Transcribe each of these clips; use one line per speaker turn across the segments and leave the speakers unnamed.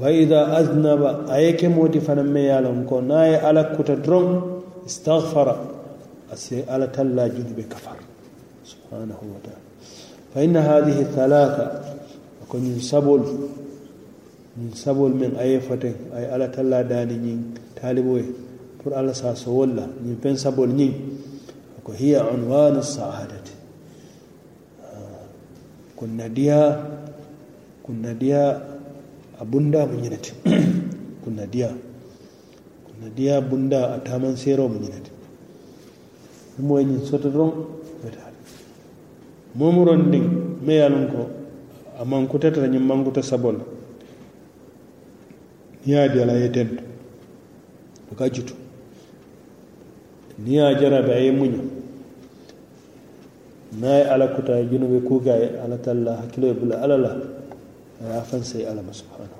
وإذا أذنب أيك موت فنم يعلم كون أي على كتدرم استغفر أسي على تلا جنب كفر سبحانه وتعالى فإن هذه الثلاثة يكون من سبل من سبل من أي فتن أي على تلا داني نين تالبوي فر على ساس ولا من بين سبل نين هي عنوان السعادة آه، كنا ديا كنا ديا a bunda mu ñinati kunna diya kunna diya bunda a taman seero mu ñinati mooy e ñin soto ron wetaade moomu ron ndin me yalon ko a mankutetata ñin mankuta sabol ni ya di ala ye tento buka jutu ni ya jara be ye muñu naye ala kuta junube kuga ye ala talla hakkilo ye bula ala la عفوا سيألم سبحانه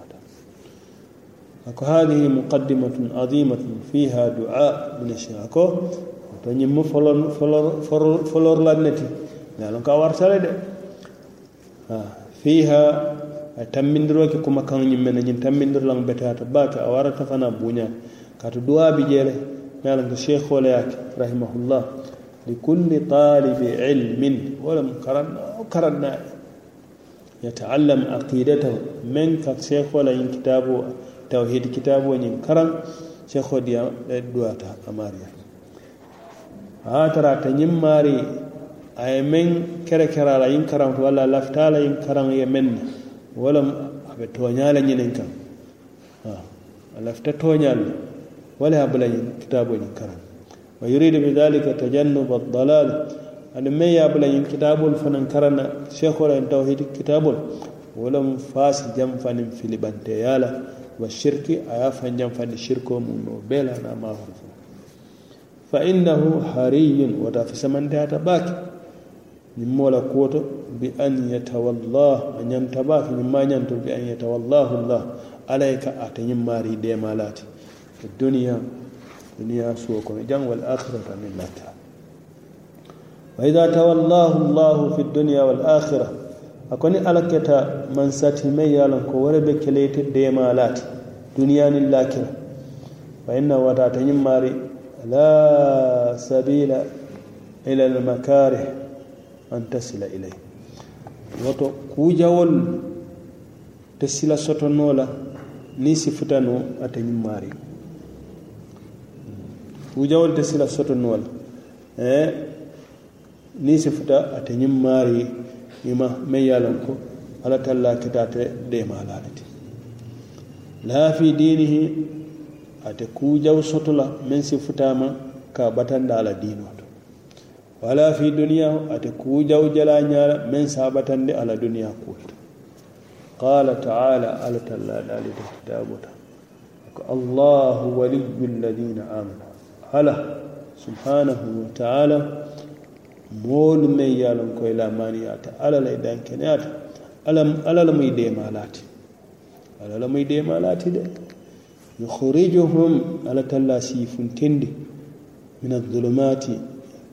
ako hadihi muqaddimatun adimatun fiha dua min cheikh ako to ñimmo folon folor folor lanneti ngalon ka wartale de fiha a eh, tammindiroke kuma kan ñimmene ñin tammindir lan betata bata a warata fana buñat tu duwa bi jeere ngalon nah, ko cheikh ole yake rahimahullah li kulli talibi ilmin wala karanna karanna ya ta'allam a kidata men ka sheko layin kitabu a tawhid kitabu wani karan sheko da ya a mariya a hatara ta yin a yi men kere kera layin karan wala lafta layin karan ya menna wala abu tonya la yi ninka a lafta tonya la wala abu layin kitabu karan wa yi rida mai zalika ta jannu ba dalal ani meŋ ye a bula ñiŋ kitaabolu fanaŋ karana sheekhola en tawhidi kitaabolu wo lemu faasi janfaniŋ filibanteya la wa shirki a ye a faŋ janfandi shirko muŋ no bee la ana maa fo fa innahu hariyun wota fisamanteyata baake ñiŋ moo la kuwoto bi an yatawallah a ñanta baake ñiŋ maa ñanto bi an yatawallahu llah alla ye ka ate ñiŋ maari deema laati duniya duniya suwo kono jaŋ wal akhirata min lataa وإذا تولاه الله في الدنيا والآخرة أكوني ألكتا من ساتمي يالن كوربي كليت ديمالات دنيا اللاكرة وإن وتعتني ماري لا سبيل إلى المكاره أن تصل إليه woto kuujawol te sila sotonoo la niŋ sifutanoo ate ñiŋ maari kuujawol te sila sotonoo la eh? niŋ si futa ate ñiŋ maari ima meŋ ye a loŋ ko alla talla kita ate deemaala le ti laafi diinihi ate kuujaw soto la meŋ si futaama ka a batanda a la diinoo to wala fi duniyaa ate kuujaw jalaaña la meŋ si a batandi a la duniyaa kuolu to qala taala alla talla daali ta kitaabo ta ko allahu waliyu lladina amanu ala subhanahu wa taala moolu meŋ ye a loŋ ko i la maaniyaata alla la i dankeneyaata alla la muŋ deemaalaati alla la muŋ deemaalaati de yukhrijuhum alla talla sii funtindi min adulumaati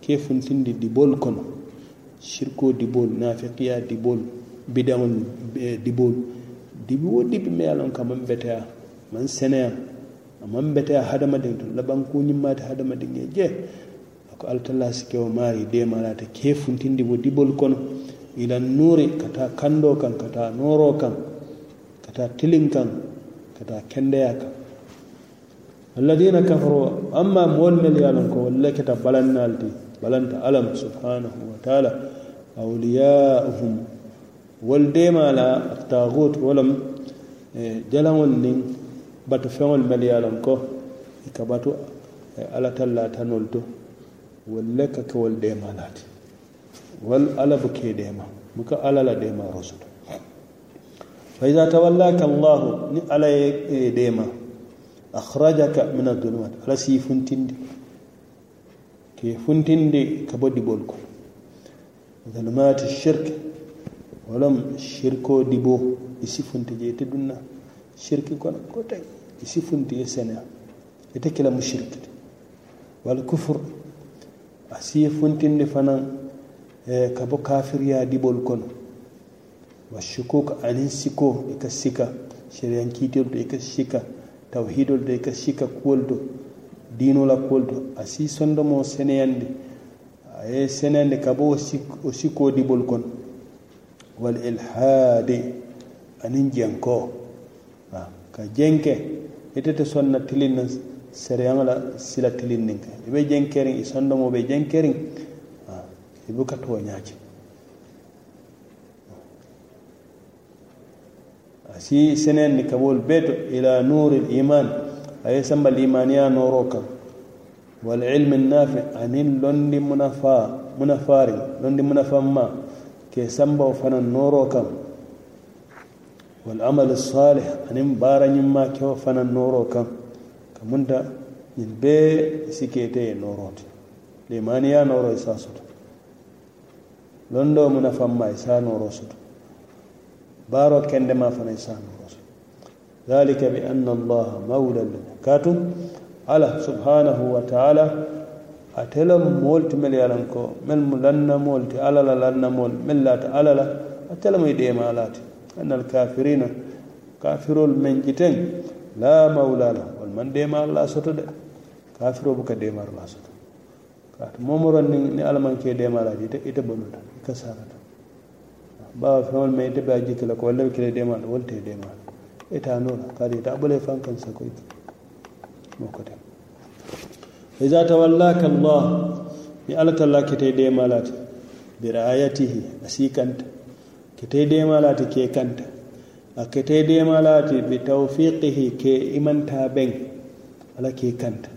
ke funtindi diboolu kono sirkoo diboolu naafiqiya diboolu bidaŋolu eh, diboolu dibi wo dibi meŋ ye a loŋ ko a maŋ beteya maŋ seneya a maŋ beteya hadamadiŋ to labankuñimmaati hadamadiŋ ye jee ko altalla sike o maari demarata kefuntindi mo dibol kono ilan nuuri kata kando kan kata nooro kan kata tilin kan kata kendeya kan alladina kafaro amma moolmel yalan ko wallaketa balannaalti balanta alam subhanahu wa taala auliyauhum wol demala taagut wolam e, jalaŋol nin batu feŋol mel yalan ko ika e batu e, alatallatanol to wallaka ka kawal dema naati wal ala bu ke dema buka alala la dema rasudu fa iza tawallaka allah ni ala ye e, dema akhrajaka min adulumat ala si funtindi ke funtinde ka bo dibol ko zulumati shirk walam shirko dibo isi funti je ite dunna shirki kono kote isi funti e seneya ite kila mushrikite wal kufur. a siye funtinde fanaŋ eh, ka bo kafiriya dibolu kono wa shukuk aniŋ siko i ka sika seriyankiitolu to i ka sika tawhidolu to i ka sika kuwolu to diino la kuwolu to a si sondomoo seneyandi a ye siko ka bo wo sikoo dibolu kono wal ilhadi aniŋ jenko ka jenke itete sonna tilin sereyaŋo la sila tilin niŋ kaŋ i be jeŋ keriŋ i sondomo be jeŋ keriŋ i buka tuwo ñaaki asi senen ni kabol beto ila nuri liman aye samba limaniya noro kaŋ walilmi nafi aniŋ londi munafa munafariŋ londi munafan ma ke sambawo fanaŋ noro kaŋ walamal salih aniŋ baara ñimma kewo fanaŋ noro kaŋ munda ñiŋ bee si keete ye nooroo ti limaniya nooro i se a soto londoo mu nafanma i se a soto baaroo kendema fana i se a soto dhalika bi anna allaha mawla lladina katum ala subhanahu wa taala ate la moolu ti melu ye lan mel mu lannamoolu ti ala la lannamoolu mel laata ala la ate la mu i deema ala anna alkafirina kafirolu men jiteŋ la maulala lahum man demar la soto de kafiro buka demar la soto kaatu momoron ni ni alamanke demaraji ita ite boluta ka sarata bawa fewol me ite ba jikki la ko walla kile demal wolte demal ita nola kaadi ita abule fankan sa koy mo kote iza tawallaka allah ni alatalla kite demalati bi ra'ayatihi asikanta kite demalati ke kanta a kete demalati bi tawfiqihi ke imanta ben ala ke kanta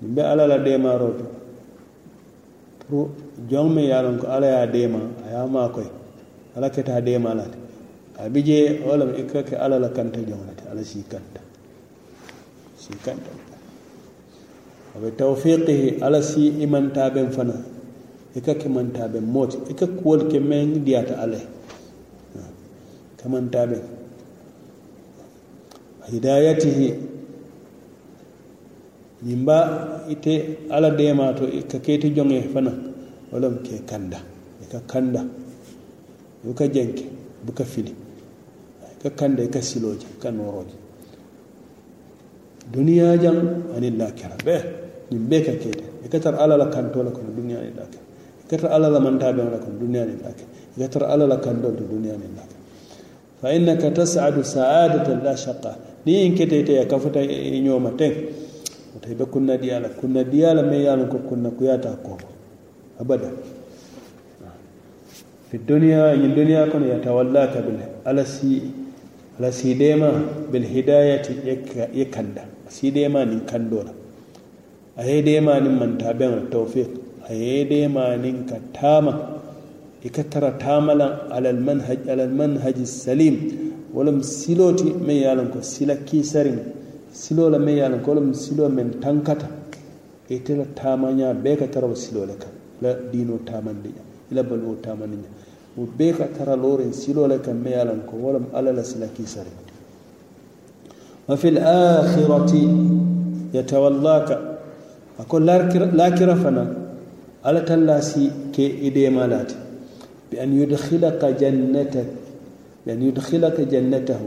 be ala la dema to pour jon min yaron ko ala ya dema aya ma koy ala keta ta a bije walam ke ala la kanta jonlate ala si kanta si kanta aɓe tawfiqihi ala si imanta ben fana ikkake manta ben moti ikka kuwol ke men diata alai kaman tabe هدايته nyimba ite ala demato ka keti jonge fana walam ke kanda ka kanda buka jenke buka fili ka kanda ka siloje ka noroje duniya jam ani lakira be nyimbe ka kete tar ala la kanto la ko duniya ni lakira tar ala la mantabe la kono duniya ni lakira tar ala la kando to duniya ni lakira fa innaka tas'adu sa'adatan la shaqqa ni in kete te in yi nyoma ten tay be kunna diyala kunna diyala me yalon ko kunna ku yata ko abada fi dunya in dunya kono yatawallaka bil alasi alasi dema bil hidayati e kanda si dema nin kandora aye dema nin manta ben tawfiq aye dema nin katama ikattara tamalan alal manhaj alal manhaj salim walam siloti me yalan ko sila kisarin silola me yalan ko wolem silo men tankata itela tamanya bai ka tara wo silole kan ila diino tamandi ila baluwo tamandi ña wo bee ka tara lorin silola kan me ye ko walam alala sila kisarin wa fi lakhirati yatawallaka ako lakira fana ala talla ke idema lati. بأن يدخلك جنتك بأن يدخلك جنته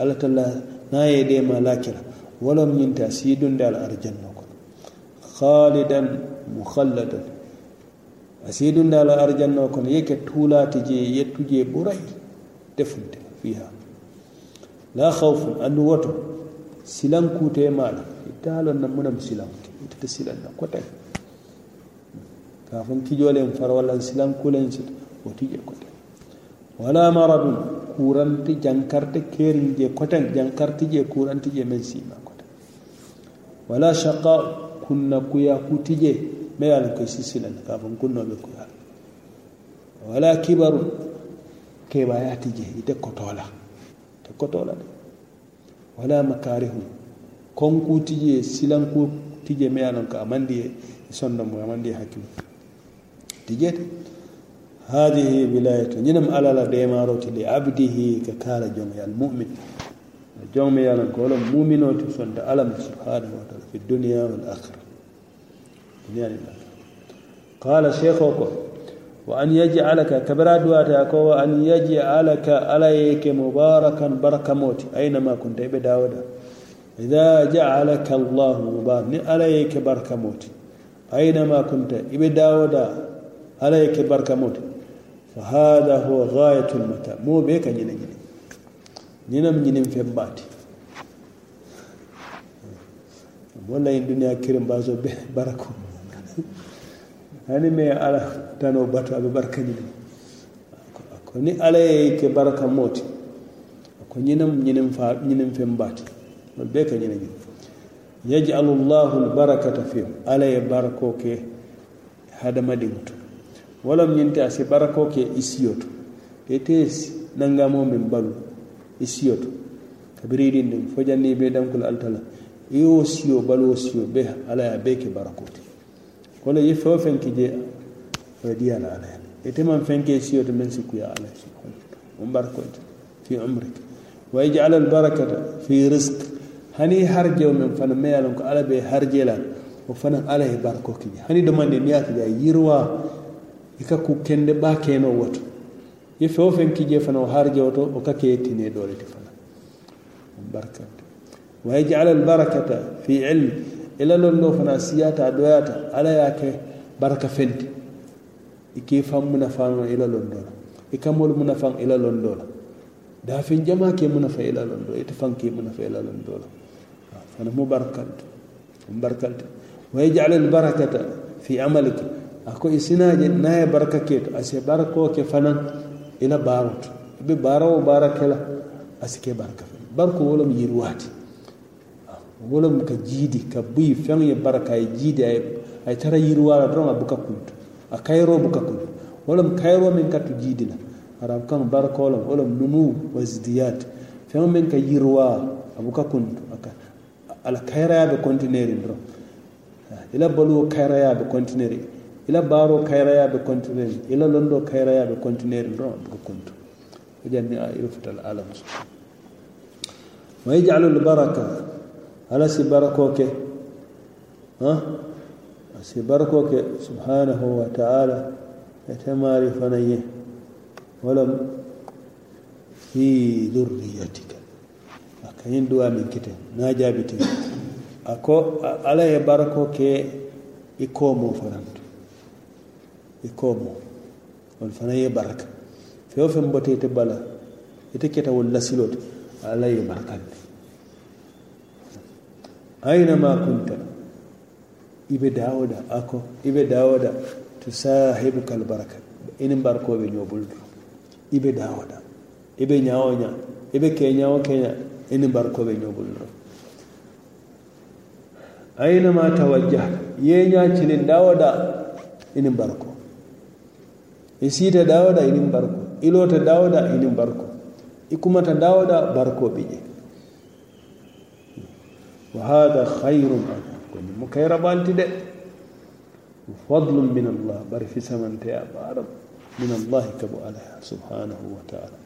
ألت الله نا يدي ملاكرة ولم ينتسيد دال أرجنة خالدا مخلدا أسيد دال أرجنة كن يك تولا تجي يتجي بوري تفنت فيها لا خوف أن وطن سلنكو تيمال مال تعالوا نمنا بسلام تتسلام كوتي ka fon tijoolen far walla silankulen sit o tije koten wala maradun kuranti jankarte kerin je koten jankarti je kuranti je men sima koten wala shaqa kunna kuya ku tije me yalan koy sisilani ka fon kunnoɓe kuya wala kibaru kebaya tije ite kotola te kotola de wala makarihu konku tije silanku tije me yalan ka amandiye sondomo amandiye hakkimo tijeta hadihi wilayatu ñinem alala demaroti li abdihi ka kala yal mu'min jom yal ko mu'mino muminoti sonta alam subhanahu wa taala fi dunya wal akhira duniyani qala shaykhu ko wa an yajalaka kabira duwata ko wa an yajalaka alayke mubarakan barakamoti ma kunta eɓe dawada idha jaalaka allahu mubarak ni alayke aina ma kunta ibe dawada. alayke barka fa hadha huwa ghayatu mata mo be ka ñina nyina ñinam ñinin fen baati walla in duniya kirin mbaso be barako hani me ala tano bato aɓe barka ñini ko ni ala ye ke baraka mooti ko ñinam ñinin fa ñinin fen mbati non bee ka ñina ñini yaj'alu llahu lbarakata fihim ala ye barako ke hadamadiŋo to wala a asi barako ke isiyoto ite nangamo min balu isiyoto kabiridin din fo janni be dankul altala iyo siyo balo siyo be ala ya be ke barakoti wala yi fo fen ki je o di ala ala ite man fen ke siyoto men si kuya ala Mun barako barakati fi umrik wa yaj'al al barakata fi rizq hani harjew men fana meyalon ko ala be harjela o fana ala e barako ki hani do miya niyata ja yirwa ika ku kende ba keno woto ye fewo fen kije fana o harje oto o ka ke yettine e dolete fana barkat wa yajal al barakata fi ilm ila e lon do fana siyata doyata ala ya ke baraka fenti ike fam muna fam ila e lon do ika mol muna fam ila lon do da fin jama ke muna fa ila lon do ite fam ke muna fa ila lon do fana mu barakat mu barakat wa yajal al barakata fi amalika ako i na ya barka a sai barko ke fanan ina baroto ibe barawo bara kela asi ke barka barko wolom ti wulam ka jidi ka buyi feŋ ye barka jidi a yi tara yirwala doroŋ a buka kuntu a kairo buka kuntu wulam kairo min katu jidi na arab kan barka wulam wulam numu wa zidiyat feŋ min ka yirwa a buka kuntu ala kairaya be kontineri doroŋ ila baluwo kairaya be kontineri ila baaro kayrayaaɓe continuer ila lonɗo kayrayaaɓe continuer ɗo ko kontu o janni irfital alam wa yjalu lbaraka ala si barakoke si barakoke subhanahu wa taala e temari fanaye walam fi durriyatika a kañin duwa min kite na jaabitin ako ala e barakoke ikkomo fananta e koomo on fana ye baraka feŋ wo feŋ bota ite bala ite keta wol lasilo to ala ye barakandi aynama kunta ibe dawoda ako ibe dawoda tusahibuka albaraka inin barkoɓe ñobulduro ibe dawoda ibe ñawo nya ibe keñawo keña inin barkoɓe ñobulduro aynama tawajjahta nya cilin dawoda ini barko e siite dawoɗa inin e barko ilote e dawoɗa inin e barko i kumata dawoɗa barko ɓiƴe wa hada hayrum aakoni mo kayra ɓanti de fadlum min allah barfi samanteya ɓaɗo min allahi kabo alaya subhanahu wa taala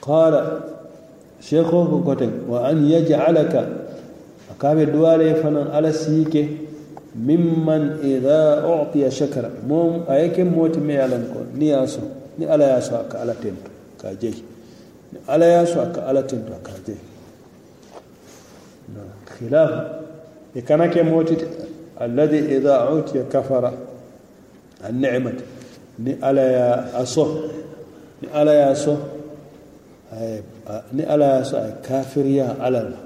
qala sheikh o ko koten wa an yajalaka akaɓe duwale fanan ala siike mimman idha u'tiya shakara mom ayake moti me yalan ko ni yaso ni ala yaso aka ala tento ka je ni ala yaso aka ala tento ka je na khilaf e kana ke moti alladhi idha u'tiya kafara an-ni'mat ni ala ya aso ni ala yaso ay ni ala yaso ay kafiriya alala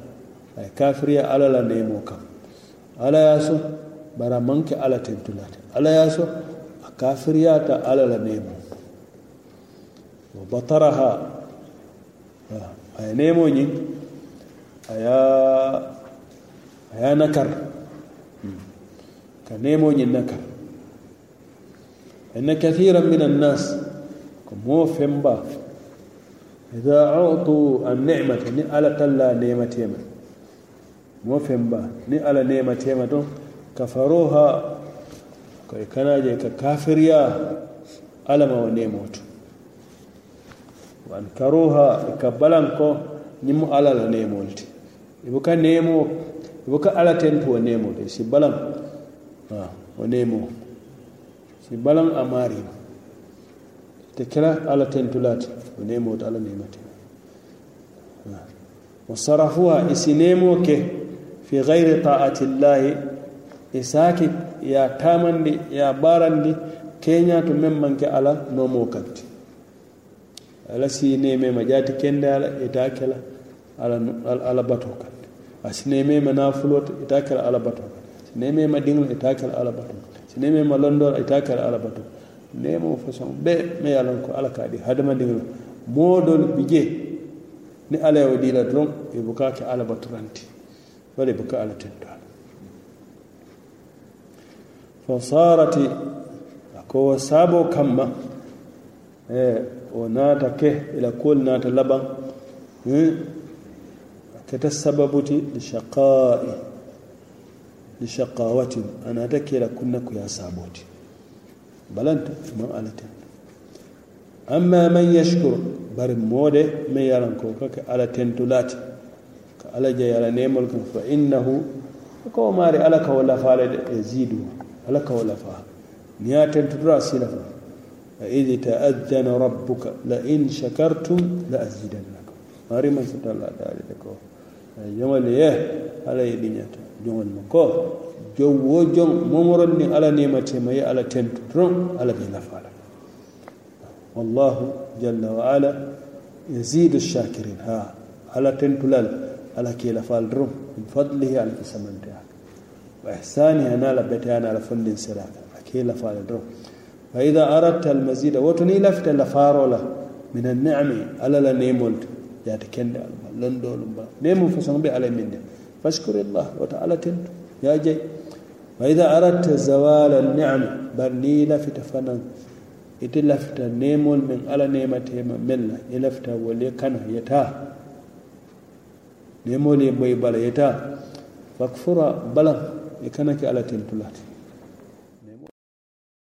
ay kafiriya alala ne mo kam ala yaso bara manke ala tentulate ala yaso akafiriyata ala la nemo wa bataraha aya nemo ñin aya aya nakar ka nemo ñin nakar ان كثيرا من الناس كمو فمبا اذا اعطوا النعمه ني على تلا نعمه مو فمبا ني على نعمه تو kafaroha koye kanaje ka kafiriya alama e wa nemoto wankaroha e ka balanko ñimmo alala nemolte ibo ka nemo ibo e ka alaten po nemolte si balan o nemo si balan a marima te kela ala tentulate o nemote ala nemate o sarafuha isi nemo ke fi gayri taati llahi isaki ya tamandi ya barandi kenya to men manke ala nomo kanti ala sinemema jati kende ala ita kela ala, ala bato kanti a sinemema nafulote ita kela ala bato kanti sinemema diŋla ita kela ala bato sinemema londora ita kela ala bato nemo façon be me ye ko ala ka hadama hadamadiŋla moodol bi je ni ala wadi la don e buka ke ala baturanti wala buka ala tentoala fasarati akowa sabo kamma eh o nata ke ila na naata laban hmm? ta sababuti lishaqai lishaqawatin ta ke la kunna ku ya saboti balanta man alaten amma man yashkur bar Mode, min yaran ko ka ala tentulati ka ala jeyala nemol kan fa innahu ko mari ala ka walla faale de e لك ولا فاها نيات انت دراسي لفا فإذا تأذن ربك لئن شكرتم لأزيدن لك ما ريما سبت الله تعالى تكوه جمال يه على يدينيات جمال مكوه جو وجو ممرني على نيمة مي على تنت درون على بينا فعلا والله جل وعلا يزيد الشاكرين ها على تنت لال على كيلا فعل درون من فضله على كسامنتها أنا لبيت أنا لفند سراك أكيد لفال درو فإذا أردت المزيد وتني لفت لفارولا من النعم ألا لا نيمولت يا تكند لندول نيم فسن بي على من فاشكر الله وتعالى تنت يا جي فإذا أردت زوال النعم برني لفت فنن ite lafita nemol min ala nematema mella e lafita wolle kana yeta nemol e boye bala yeta fakfura balan e ala ten